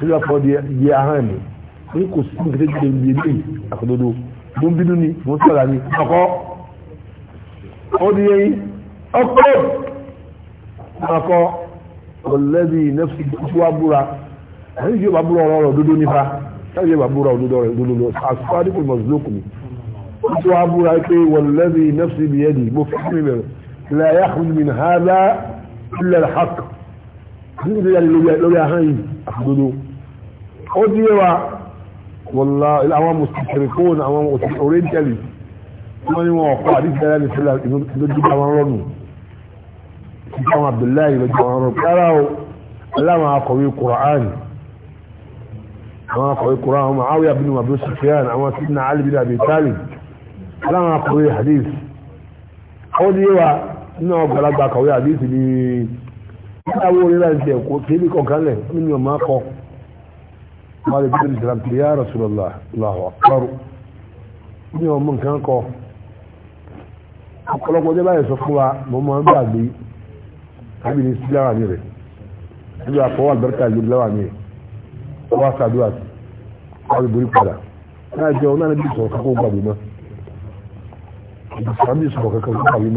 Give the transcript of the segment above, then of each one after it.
tí wọ́n fọ́ di yẹ ahọ́n mi ó ní kò sí ní kété jẹ́ ibi eléyìí àkọ́dọ́dọ́ ló ń bínú ni mo ń sọ̀rọ̀ ni ọkọ́ ó di yẹn ọkọ́ ọkọ́ ọ̀lẹ́bí nẹ́fì tí wàá búra àwọn ìjọba bá búra ọ̀rọ̀ òdodo nípa táwọn ìjọba búra òdodo rẹ̀ òdodo lọ àsùpáàdì kò mọ̀ zókù mi tí wàá búra pé wọ̀lẹ́bí nẹ́fì bí yẹ́dì mo fi kí mi bẹ̀rẹ̀ láyé àkùnrin mi nà hàdá ilẹ̀ àkùnrin mi lórí ahọ́n yìí ó di yé wa wọ́lá àwọn mùsùlùmí àwọn orientali wọ́n ní wọn ọ̀pọ̀ àdìsẹ́lẹ̀ ní sílẹ̀ lójú àwọn rọ́nù ìjọba abdullahi lójú àwọn rọ́nù kára o aláwọn akọ̀wé Qur'an àwọn akọ̀wé Qur'an àwọn Muawiya bin Abi Sufyan àwọn sinna Ali bin Abi Talib aláwọn akọ̀wé hadith ó di yé wa nínú ọgbàlagbà akọ̀wé hadith ni wọ́n dáwọ́ orí láti ẹ̀kọ́ kébì malik bin salam ti ya rasulallah allahu akbar ní ọmọ nǹkan kọ ọ̀pọ̀lọpọ̀ ọjọ́ báyìí sọ fún wa mo máa ń gbàgbé àbí ní sí láwà ní rẹ̀ níbi àpọ̀wọ́ àgbẹ̀rẹ̀kà yìí láwà ní rẹ̀ wọ́n á sàdúrà sí ọdún borí padà náà jẹ́ ọ náà níbi sọ̀rọ̀ kankan gbàgbé mọ́ ìdí sàmì sọ̀rọ̀ gbàgbé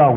mọ́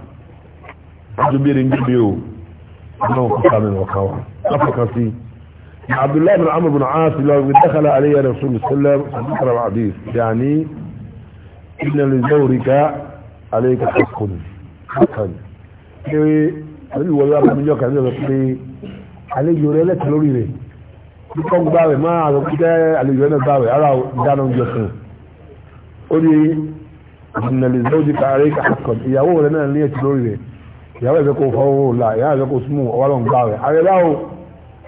ajobere ngibe o ana ku sami wa kawa afaka si عبد الله بن عمرو بن عاص لو دخل علي رسول الله صلى الله عليه وسلم ذكر الحديث يعني ان لزورك عليك حق حقا pẹ̀lú wọ́n yára mi yọkàn lọ́wọ́ pé àlejò rẹ lẹ́tọ̀ lórí rẹ̀ kíkọ́ gbá rẹ̀ máa rọ pípẹ́ àlejò rẹ̀ gbá rẹ̀ ara dáná jọ fún un ó ní ìnàlẹ̀ lọ́wọ́ di kàárẹ̀ kàkọ́ ìyàwó rẹ̀ náà ní ẹ̀tọ̀ lórí rẹ̀ ìyàwó ẹ̀fẹ́ kò fọwọ́ la ìyàwó ẹ̀fẹ́ kò súnmù ọwọ́lọ́n gbà rẹ̀ àrẹ́láwò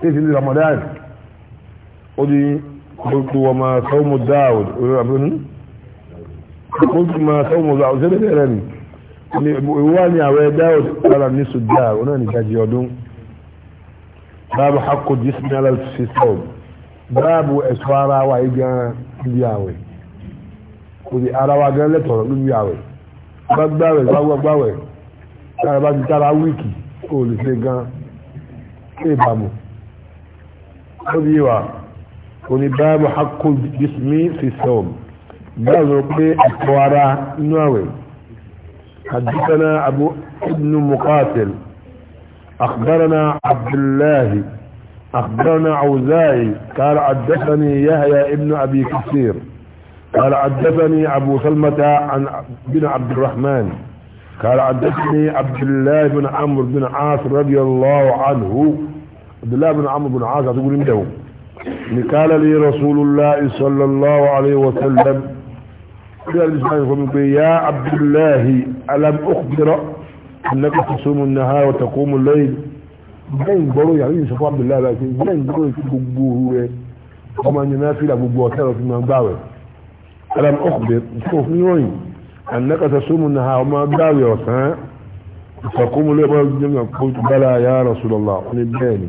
tètè ní Ramadan ó di kóòtù ọmọ sọ́wọ́mù dáàwòd orí abúlé kóòtù ọmọ sọ́wọ́mù dáàwòd ṣé bẹ́ẹ̀ rẹ̀ ni ìwà ni àwẹ̀ dáàwòd lára ní sùdá ó náà ní ìdajì ọdún báàbù hakko jismi alalisi sọ́wọ́ báàbù ẹ̀sọ́ ara wa igan níbi àwẹ̀ kò sí ara wa gan lẹ́tọ̀ọ́ níbi àwẹ̀ gbàgbàwẹ̀ gbàgbàwẹ̀ tára bá ti tára wíìkì kó lè ṣe gan ìbámu ó di wa ó ní báàbù pé ẹ̀kọ́ ara inú àwẹ̀ حدثنا أبو ابن مقاتل أخبرنا عبد الله أخبرنا عوزائي قال حدثني يحيى ابن أبي كثير قال حدثني أبو سلمة عن بن عبد الرحمن قال حدثني عبد الله بن عمرو بن عاص رضي الله عنه عبد الله بن عمرو بن عاص تقول عنده قال لي رسول الله صلى الله عليه وسلم يا عبد الله ألم أخبر أنك تصوم النهار وتقوم الليل بين برو يعني شوف عبد الله لكن بين برو يكبوه وما ينافي لك بوتر في منبعه ألم أخبر شوف مين annaka tasumu naha ọmọ gbáwé ọ̀sán ìfọ̀kúnmú lé ọmọ jẹ́nà kó bala ya Rasulullah wọn ni bẹ́ẹ̀ ni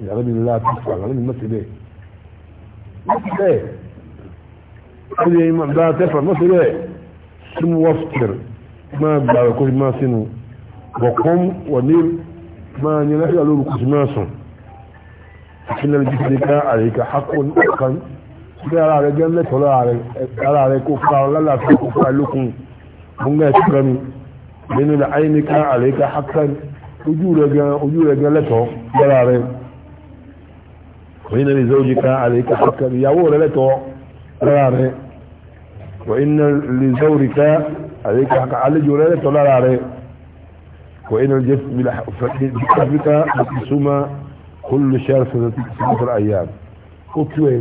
ìyàrá mi nílá ti fà lọ́nà mi ti bẹ́ẹ̀ mọ́tì bẹ́ẹ̀ ó lè má bá tẹ́fà mọ́tì bẹ́ẹ̀ súnmú wọ́fìtìr máa gbàwé kó fi máa sínú wọ̀kún wọ̀ní máa ní láti àlóru kó fi máa sùn ìfínà lè jíjẹ ká àyíká hákó nìkan bí ara rẹ gẹ́lẹ́ tọ́lọ́ ara rẹ kó fà mun ga shi gani min a'inika alayka haqqan ojú rẹ̀ gan ojú rẹ̀ gan lẹ́tọ̀ọ́ lára rẹ̀ وإن لزوجك عليك حقا يقول لك لا وإن لزوجك عليك حقا على جلالك لا لا وإن الجسم بحفظك بقسمة كل شهر سنة سنة الأيام قلت له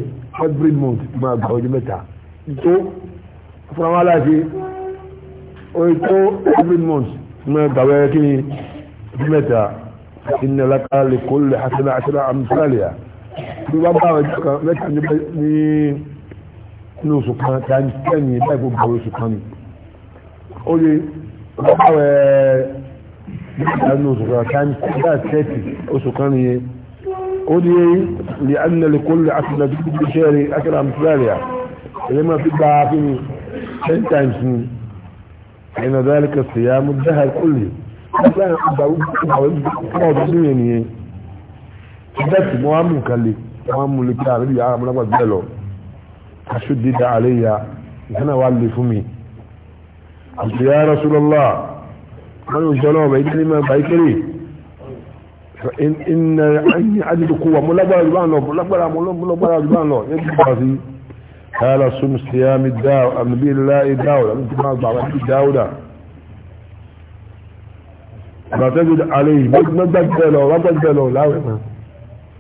every month ما بحوج متى انتو فرما لا شيء oye tó every month mo gbàwẹ̀ kí ni bí mẹ́ta iná lákàá lè kó lè hasana àṣírà àmúsálìyà bí wọ́n bá ọjọ́ kan mẹ́ta ní inú oṣù kan tàbí tẹ́yìn báyìí kó gbàwẹ̀ oṣù kan ni ó lè wọ́n bá wẹ̀ mẹ́ta ní oṣù kan tàbí tẹ́yìn tẹ́tì oṣù kan nìyẹn ó ní لأن لكل عشرة بشهر عشرة أمثالها لما تبقى في 10 times فإن ذلك صيام الدهر كله لا أبدأ يعني بس مهم كلي مهم لكار لي أنا ما بقبله أشدد علي أنا واللي فمي قلت يا رسول الله من وجلوه بيدني ما بيكري فإن إن أني عدد قوة ملابرة جبان له ملابرة ملابرة جبان له يجب قال صم صيام الداو النبي الله الداو انت ما الداو داود ما تجد عليه ما تقبله ما تقبله لا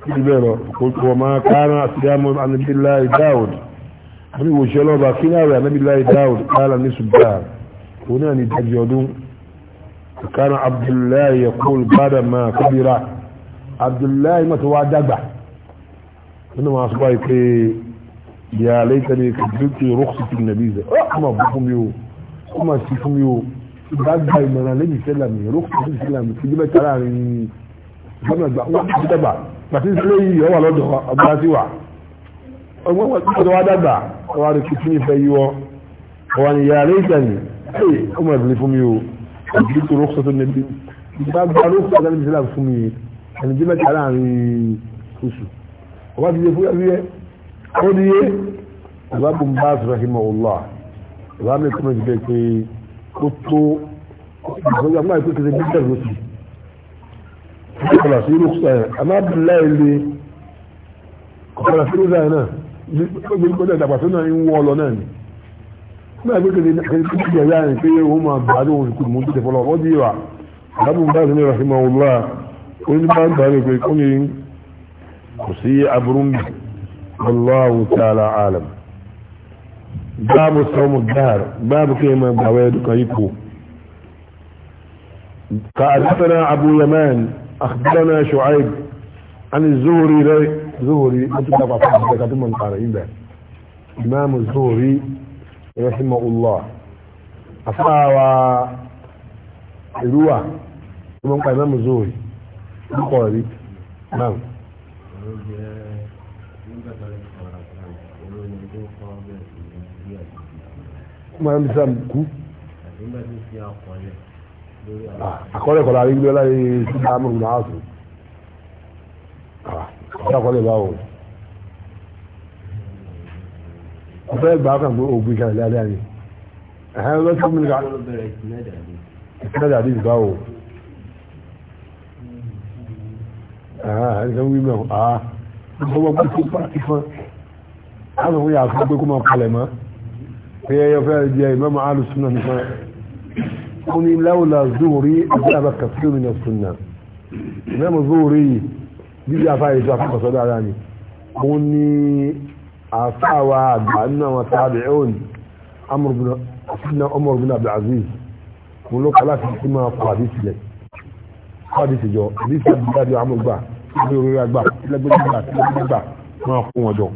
تقبله قلت وما كان صيام النبي الله الداو من وجهه باكينا يا الله الداو قال الناس الداو هنا نتجدون كان عبد الله يقول بعد ما كبر عبد الله ما توعد دبا انه ما اصبح يا ليتني كذبت رخصة النبي ده اما بكم يو اما سيكم يو بابا يمنا لي سلامي رخصة السلام تجيب تراني كما بقى واحد تبع ما تنسي هو لو ده ابو سيوا هو ده واحد تبع واري كتني فيو وان يا ليتني اي اما بكم يو كذبت رخصة النبي بابا رخصة النبي سلام فمي انا جيب تراني وشو وبعد يفوق ó ní yé alábùn bá rahima ọlá ìwádìí kúrò jù bẹ́ẹ̀ pé ó tó ìgbọ́jà máa tó kéde bíbẹ̀ lóṣù kọlá sí irú kúta yẹn alábìláì lè kọlá sí irú sáyẹn náà ní kọjá ìdàgbàsó náà ń wọ́ ọ lọ náà ni náà gbé kéde kéde kéde yẹn yára pé òun máa gbà ní òun kúrò mú títẹ̀ fọlọ́ ọ́ di wa alábùn bá rahima ọlá ó ní bá ń bá rẹ̀ pé kó kò sí aburú nìyẹn. الله تعالى عالم باب صوم الدهر باب كيما بعويدك يكو قال أبو يمان اخبرنا شعيب عن الزهري لي زهري متفق فقط من قارئين ده امام الزهري رحمه الله افاوى الروى من قال امام الزهري القاري نعم máa ń sàm kú. àkọọ́lẹ̀ kọ́lá rí lọ́la yìí sí amúrù náà sùn. ọ̀sẹ̀ àkọọ́lẹ̀ báwo. ọ̀sẹ̀ ìgbà kan fún ògbé kan lálẹ́ àná. ẹ̀hẹ́n ló sọ mílíkà. ìsinmi dàbí ìgbà wo. ẹ̀hẹ́n ẹ̀hẹ́n wí mẹ́wọ̀n. ọmọ gbèsè pàtì fún. àwọn òun yà á fún pé kó máa palẹ̀ mọ́. هي يفعل جاء إمام عالي السنة نفعل قل لولا الزهري ذهب كثير من السنة إمام الزهري دي جاء فايد جاء صلى الله عليه قلني أصعوى بأنه وتابعون عمر بن سيدنا عمر بن عبد العزيز قل لك لا تسمى قادس لك قادس جو دي سبب يا عمر بقى يقول لك بقى لك بقى لك بقى ما أقوم جو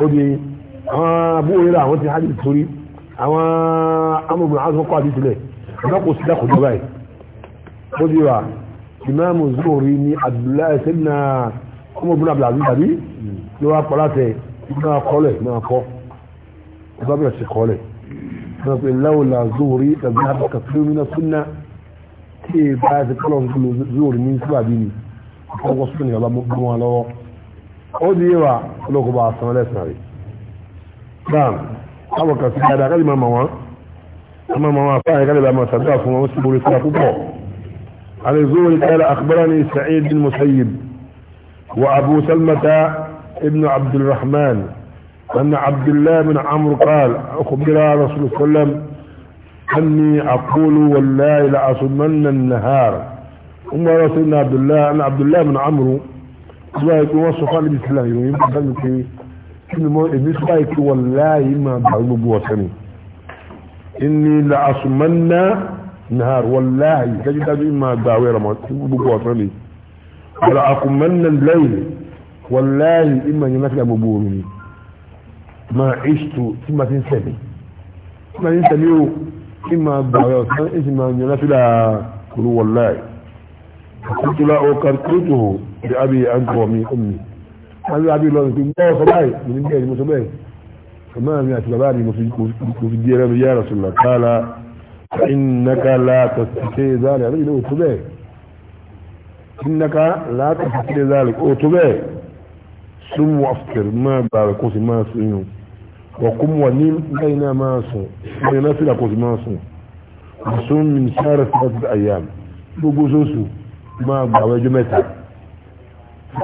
قل àwọn abúwòrán àwọn ti hajj torí àwọn amòbìnrin àwọn kọ́ àdí sílẹ̀ ọ̀dọ́ kò sí dákòjọ báyìí ó di wa ìmáàmù zòrí ni abdullahi sẹ́nà ọmọbìnrin abdullahi tàbí ló wá pọ̀ láti máa kọ́lẹ̀ máa kọ́ ọba bẹ̀rẹ̀ sí kọ́lẹ̀ wọ́n pe láwùlà zòrí tàbí àbùkà fúnmínà súnà tí è bá ti kọ́lọ̀ nílò zòrí ní síbàbí ni ó di wa ọlọ́kọ̀ bá a نعم هو كسي هذا قال ماما ماما ماما فاي غير لما تصدق وما تقول تصدق على زول قال اخبرني سعيد بن مسيب وابو سلمة ابن عبد الرحمن ان عبد الله بن عمرو قال اخبر رسول الله صلى الله عليه وسلم اني اقول والله لا اصمن النهار ام رسول الله عبد الله ان عبد الله بن عمرو قال يقول صفان بن ويمكن يقول يمكن kí mọ́ èmi fáì kí wọ́n láàyè máa bá gbogbo ọ̀sẹ̀ ni inni la asumanna nahar wallahi dájúdájú máa gbà wẹ́ rọmọ gbogbo ọ̀sẹ̀ ni wala akumanna layl wallahi ìmọ̀ yẹn láti gbogbo omi ni máa ìṣtò tí ma ti ń sẹ̀mí tí ma ti ń sẹ̀mí o kí máa gbà wẹ́ ọ̀sẹ̀ ìṣì máa yẹn láti là kúrú wallahi kúrú tó la ọkàn kúrú tó bí abi àǹtọ̀ mi ọmọ mi wọ́n yóò abiy lọ́dún pé wọ́n sọ báyìí mo ní bẹ́ẹ̀ ni mo sọ bẹ́ẹ̀ ọmọ mi àti bàbá mi mo fi di ẹrẹ́ mi yá Rasulullah qala innaka la tastati' zalik àbí ìlú òtún bẹ́ẹ̀ innaka la tastati' zalik òtún bẹ́ẹ̀ sum waftir máa gbà rẹ̀ kó sì máa sún yun wọ̀kún wà ní lẹ́yìn náà máa sùn lẹ́yìn náà sílà kó sì máa sùn sum min shahri thalathati ayyam gbogbo sóṣù máa gbà wẹ́jọ́ mẹ́ta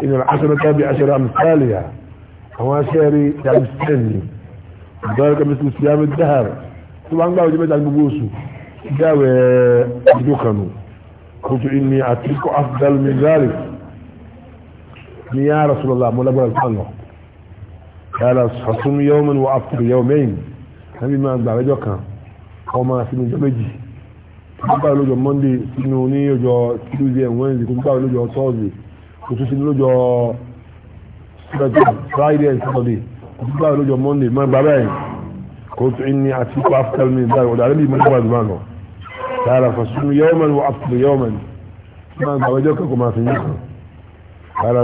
إن العشرة بعشر أمثالها وشاري يعني سني ذلك مثل صيام الدهر طبعا قالوا جماعة المبوس قالوا دخنوا قلت إني أترك أفضل من ذلك يا رسول الله مولا قال الله قال حصوم يوما وأفطر يومين هذه ما أقدر أجوكا قوما سنو جمجي قالوا جو موندي سنوني جو تيوزي وينزي قالوا جو توزي kòtò sí lójọ friday and saturday kòtò báyìí lójọ monday máa gbà báyìí kòtò ìní àti kò after mi báyìí ọ̀dà àlẹ́ bí mo gbà dùn lọ tààrà fàṣùn yọ́ọ̀mọ̀ wọ after yọ́ọ̀mọ̀ máa gbà wọ́jọ́ kẹ́kọ̀ọ́ máa fi yín kan tààrà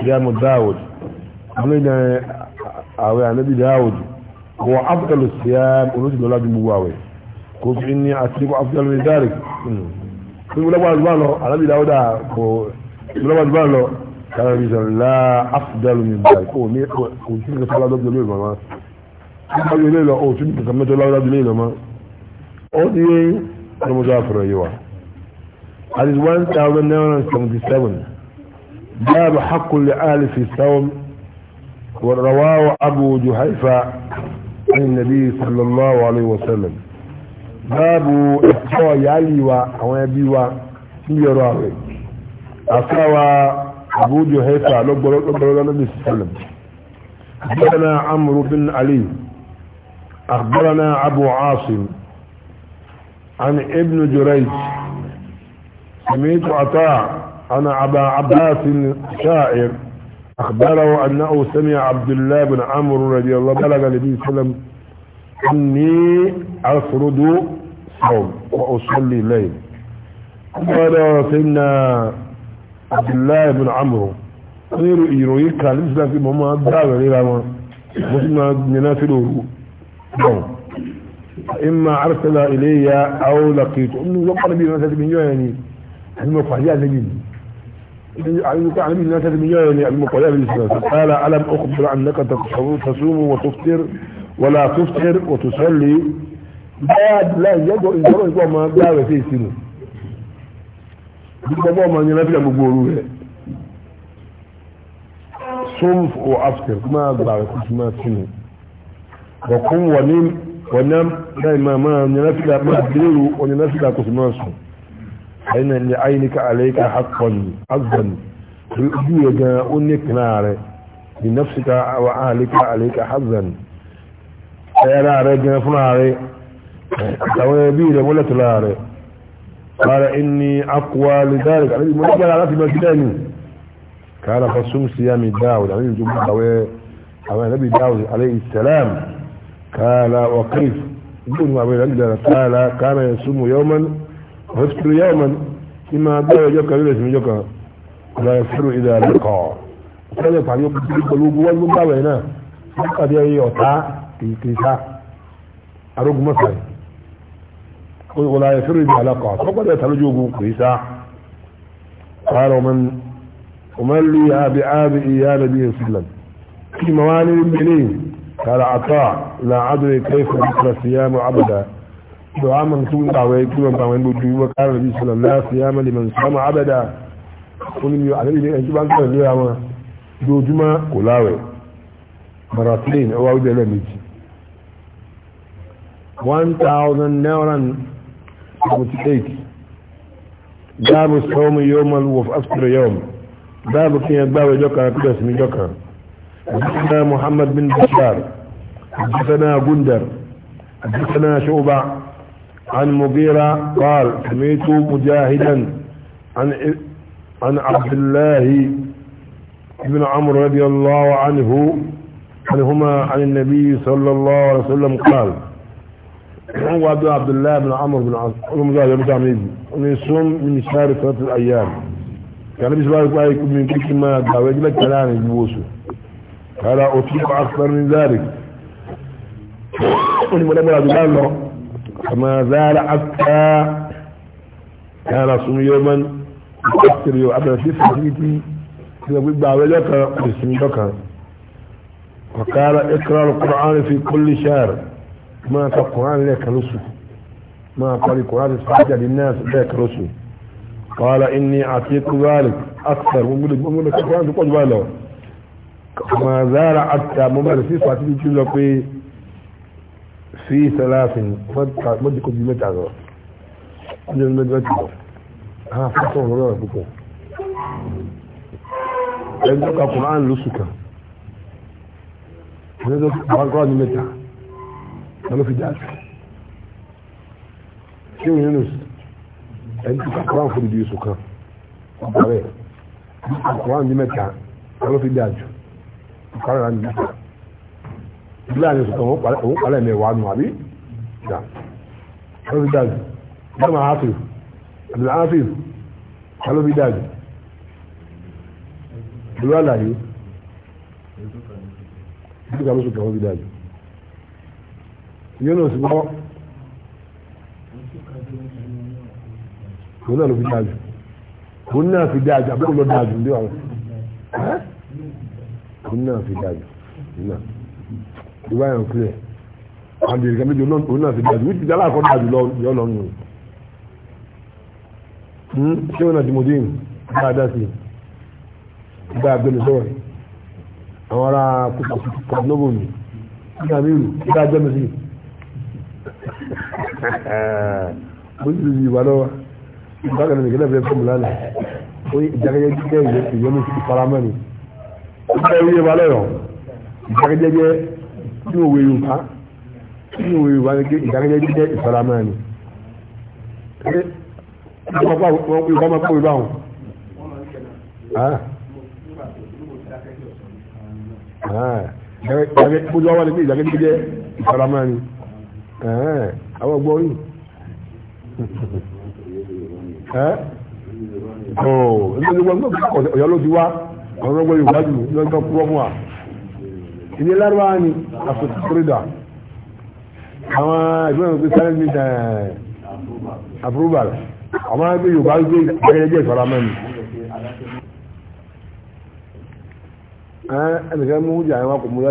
siyamu dáwòd ọmọ ìdá àwẹ̀ ànábì dáwòd wọ after siyamu olóṣèlú ọlájú gbogbo àwẹ̀ kòtò ìní àti kò after mi dáwòd gbogbo àdúrà lọ alábi dáwọ́dà kò gbogbo àdúrà lọ kára bí sọ̀rọ̀ la afidalu mi báyìí kò ní kò sí ní kẹsàn-án lọ́dọ̀ lórí ìgbà máa kí wọ́n yóò lọ o sí ní kẹsàn-án mẹ́tọ́ lọ́dọ̀ lórí ìgbà máa ó ti yé ọlọ́mọdé àfọ̀rọ̀ yìí wa àti one thousand nine hundred seventy seven báàbù hakuli ali fi sáwọn wàrọ̀wá abu juhaifa عن النبي صلى الله عليه وسلم báàbù ẹ̀tọ́ ìyáàlì wa àwọn ẹbí wa níbi ọ̀rọ̀ àwẹ̀ àfáwa Abu Juhayfa lọ́gbọ̀rọ̀ lọ́bí sẹ́lẹ̀m أخبرنا عمرو بن علي أخبرنا أبو عاصم عن ابن جريج سميت عطاء أنا أبا عباس شاعر أخبره أنه سمع عبد الله بن عمرو رضي الله بلغ النبي صلى الله عليه وسلم إني أفرد صوم وأصلي الليل قال سيدنا عبد الله بن عمرو غير إيروي كان الإسلام في مهما دعوة ليلة مسلم ينافي له إما أرسل إلي أو لقيت أمي وقال بي مثلا من يعني المفاجأة نبي على من الناس من يعني المقايا بالإسلام قال ألم أخبر أنك تصوم وتفطر ولا تفطر وتصلي بعد لا يجب ان تروح يقوم ما دعوه في سنه gbogbo ọmọ yẹn lọ́fíà gbogbo òru rẹ̀ sum o after máa gbà rẹ̀ kùtù máa sínú ọ̀kún wọ̀ní wọ̀nám láì máa máa yẹn lọ́fíà máa dérò ọ̀yẹn lọ́fíà kùtù máa sùn ẹ̀yìn náà ní àyíníkà àlẹ́kà àkọ́ni azọ́ni ojú yẹn ẹ̀yàrá rẹ̀ gẹ̀rẹ̀ fún ààrẹ àtàwọn ẹbí rẹ̀ mọ́lẹ̀tọ̀ láàrẹ̀ قال إني أقوى لذلك الذي مرجع على في مجداني كان فصوم صيام داود عليه الجمعة أو نبي داود عليه السلام قال وقيف يقول ما بين الأجل قال كان يصوم يوما ويفطر يوما إما داو يجوك ولا يسمي يجوك لا يفطر إذا لقى قال يفعل يوم قلوب والمباوي هنا قد يعطى ìkìlá arógun mọ́sàrí wọ́n láyé fẹ́rẹ̀ ibi alákọ̀ àtọ́gbọ́dẹ̀ tàlójú ogun kò ìsá ara ọmọ lè àbí àbí ìyá nàbí ìsìlẹ̀m kí ma wá ní mẹ́lẹ̀ tààrà àtọ́ na adúrẹ̀ kẹfẹ́ ìkọ̀rọ̀ sí yá mọ́ abada da wa man tun kawai kuma ba wani mutum yi wa karar nabi sallallahu alaihi wasallam liman sama abada kun 1000 نورا 78 باب الصوم يوم وافطر يوم باب في باب جوكا قدس من جوكا حدثنا محمد بن بشار حدثنا جندر حدثنا شعبة عن مغيرة قال سميت مجاهدا عن عن عبد الله بن عمرو رضي الله عنه عنهما عن النبي صلى الله عليه وسلم قال هو عبد الله بن عمرو بن عاص قالوا مزاج ابو تعميدي ان يصوم من شهر ثلاث ايام كان بيسوي بقى يقول من كل ما دعوا يجيب لك كلام يجوسه قال اطيب اكثر من ذلك قل ابو عبد الله فما زال حتى كان صوم يوما يفطر يوم قبل في سنتي كده بيبقى وجهك بسم الله وقال اقرا القران في كل شهر máa ka Quran lẹ́ẹ̀kan lóṣù máa parí Quran sáájà ní náà lẹ́ẹ̀kan lóṣù qala inni atiku dhalik akthar mo gbọ́dọ̀ ka Quran tó pọ̀ jù báyìí lọ ma zara àtà mo bẹ̀rẹ̀ sí fàtí ju lọ pé fi salasin mọ́jì kò ju mẹ́ta lọ ọjọ́ mẹ́ta lọ ha fọ́tọ̀ ọ̀rọ̀ rẹ̀ púpọ̀ ẹni tó ka Quran lóṣù kan ẹni tó ka Quran mẹ́ta kan ló fi já sí ṣé òun Yunus ẹni tí kakuran fún ìdí oṣù kan ọ̀pọ̀lẹ̀ kakuran ní mẹ́ta kan ló fi já jù kakuran ní mẹ́ta ìdílé àti oṣù kan òun palẹ̀ mẹ́wàá nù àbí ìjà kan ló fi já jù ìjọba àáfíì àti àáfíì kan ló fi já jù ìlú àlàyé ìdílé kan ló fi já jù ìyẹn lọ sí lọ́wọ́ òun náà ló fi dájú òun náà fi dájú àbẹ́kùn lọ dájú ní àwọn òun náà fi dájú náà ìwà yẹn kílẹ̀ àti ìrìkà méjì òun náà fi dájú wíjì dálà kọ́ dájú yọ lọ nù hmm? ṣé wọn náà ti mọ̀ dín dáadáa sí ìgbà àgbẹ̀lẹ̀ sọ̀rọ̀ àwọn ará kòtò kòtò kòtò lọ́wọ́ mi ìgbà mi rù ìgbà àgbẹ̀lẹ̀ sí i mùsùlùmí wà lọ́wọ́ bákan náà nìkan bẹ́ẹ̀ fọ́ọ̀mù lánàá ó yẹ ìdákẹ́jẹ́ jẹ́ ìyẹn ìfaramọ́ ni ó bẹ́ẹ̀ wíyẹ wà lọ́yọ̀ ìdákẹ́jẹ́ jẹ́ tí òwe yorùbá tí òwe yorùbá ni ìdákẹ́jẹ́ jẹ́ ìfaramọ́ ni ìgbà máa pọ̀ ìbáwọn. ìdákẹ́jẹ́ jẹ́ ìfaramọ́ ni àwọn ọgbọ́n yìí ọ̀yọ́ ló ti wá ọ̀rọ̀gbọ́n Yorùbá jù lọ́jọ́ púpọ̀ fún wa ilé lárúbáwá ni àfòtútúrídà àwọn ìgbìmọ̀ pé sáré ní àfúrúbàl àwọn ẹgbẹ́ Yorùbá gbé ẹgbẹ́jẹ́ ìfaramọ́ ni ẹnìkan mú jà ẹwà kò mú yá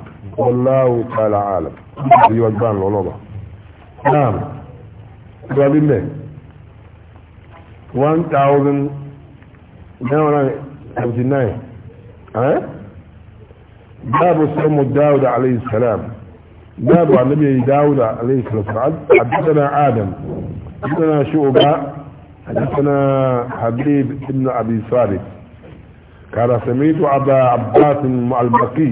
والله تعالى عالم دي وجبان لولوبا نعم قال الله 1059 ها باب سم داود عليه السلام باب عن نبي داود عليه السلام حدثنا آدم حدثنا شعبة حدثنا حبيب بن أبي صالح قال سميت أبا عباس البقي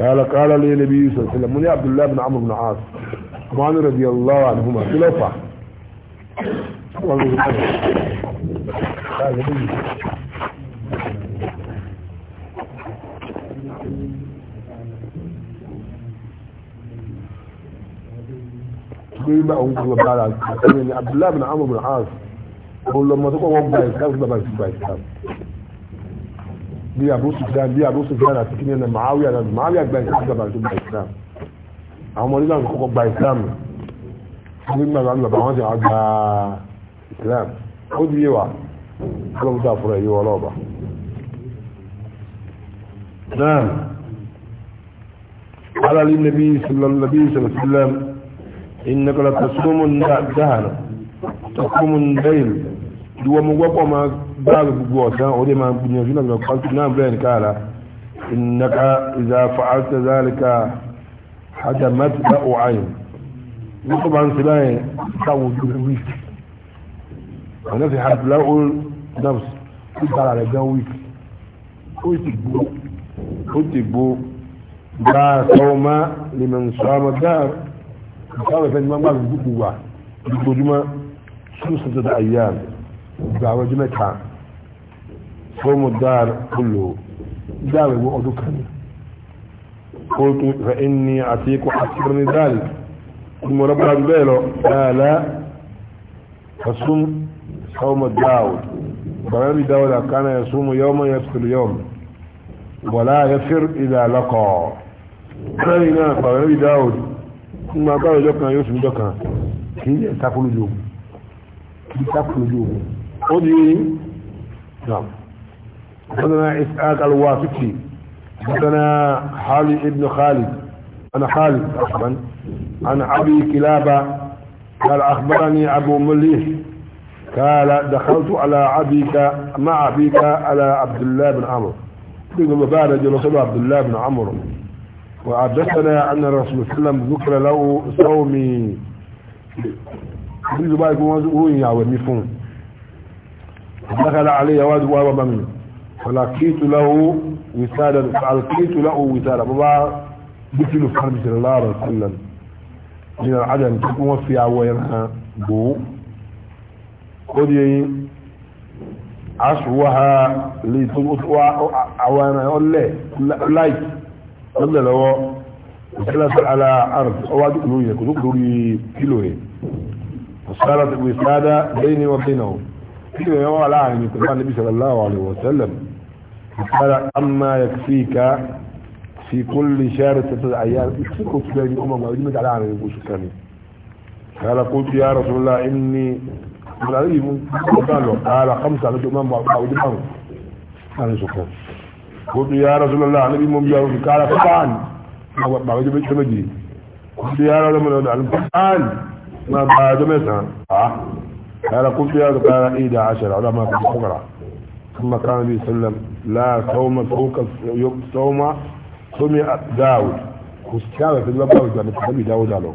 قال قال لي النبي صلى الله عليه وسلم من عبد الله بن عمرو بن عاص عمان رضي الله عنهما خلفا بما يعني عبد الله بن عمرو بن عاص كل ما تقول ربنا يسكت بس بس بي ابو سفيان بي ابو سفيان اتكني انا معاوية انا معاوية اكبر اكبر اكبر اكبر اسلام اهم وليد انا اخوكم باي اسلام مما قالوا بعوانتي عدى اسلام خد بيوا خلو بتافر ايو والوبا اسلام على النبي صلى الله عليه وسلم انك لتصوم الدهن تصوم الليل ìwọ mo wọ́pọ̀ máa gbáàrù gbogbo ọ̀sán orí máa gbìyànjú náà kọ́ntù náà bẹ́ẹ̀ nìkan àrà ìnaka ìzà fa'alta zalika hadamat da o'ayin ní tó bá ń ṣe báyìí káwọ ojú wíìk àwọn ẹ̀fẹ̀ hadla ol nafs ó dára rẹ̀ gan wíìk ó ti gbó ó ti gbó gba sọ́ọ́mà lè mọ̀ sọ́ọ́mà dáa ìsáwọ̀ ìfẹ́ ni wọ́n gbà gbogbo wa gbogbo jùmọ̀ sọ́ọ́sọ́ tó da àyè àná gba àwọn ọjọ́ mẹ́ta fọ́ọ̀mù dáàrú kúlò dáàrú ìwọ ọdún kan ní kóòtù rẹ̀ ní àti ikọ̀ àtìkọ́ ní dáàrú kí mo rọ́bàrà bẹ́ẹ̀ lọ dáàlá fasún sọ́ọ̀mù dáàrú bàbáyé dáàrú àkànnà yẹ súnmù yọ́mọ yẹ sùkúlù yọ́mù wọ̀lá yẹ fír ìdá lọ́kọ̀ lẹ́yìn náà bàbáyé dáàrú ń máa bá ọjọ́ kan yóò sùn jọ kan kì í yẹ sákòlójú kì í sákòlójú ògùn قضي نعم حدثنا إسعاد الوافقي حدثنا حالي ابن خالد أنا خالد أصلا عن أبي كلابة قال أخبرني أبو مليح قال دخلت على أبيك مع أبيك على عبد الله بن عمرو يقول بعد رسول عبد الله بن عمرو وحدثنا أن الرسول صلى الله عليه وسلم ذكر له صومي يقول بعد يقول يا وني فون دخل عليه واد وابا مني فلقيت له وسادة فلقيت له وسادة بابا بكل فرد صلى الله عليه وسلم من العدم كيف في عوينها بو قدي عشوها لتنقص عوانا يقول لي لايك قلنا لو ثلاثة على أرض أواد قلوري كدو دوري كيلوه فصارت الوسادة بيني وبينه كده يا ولا يعني كمان النبي صلى الله عليه وسلم قال أما يكفيك في كل شهر ستة أيام يكفيك في ذلك أمم ويجمد على عن يقول شكرا قال قلت يا رسول الله إني من قال قال خمسة على أمم وأجمعهم قال شكرا قلت يا رسول الله النبي نبي رسول قال طبعا وأجمع مجري قلت يا رسول الله قال ما بعد مثلا قال قلت يا قال إيدى عشر على ما كنت أقرأ ثم كان النبي صلى الله عليه وسلم لا صوم فوق صوم سمع داود كسكاوة في الباب داود يعني تحبي داود قالوا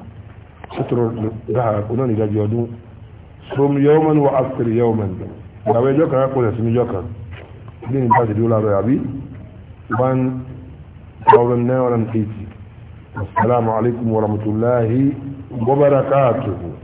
ستر ذهب كنا إذا صوم يوما وأفطر يوما داوي جوكر يقول اسمي جوكر دين بعد دولار يا أبي وان قولنا ولم تيتي السلام عليكم ورحمة الله وبركاته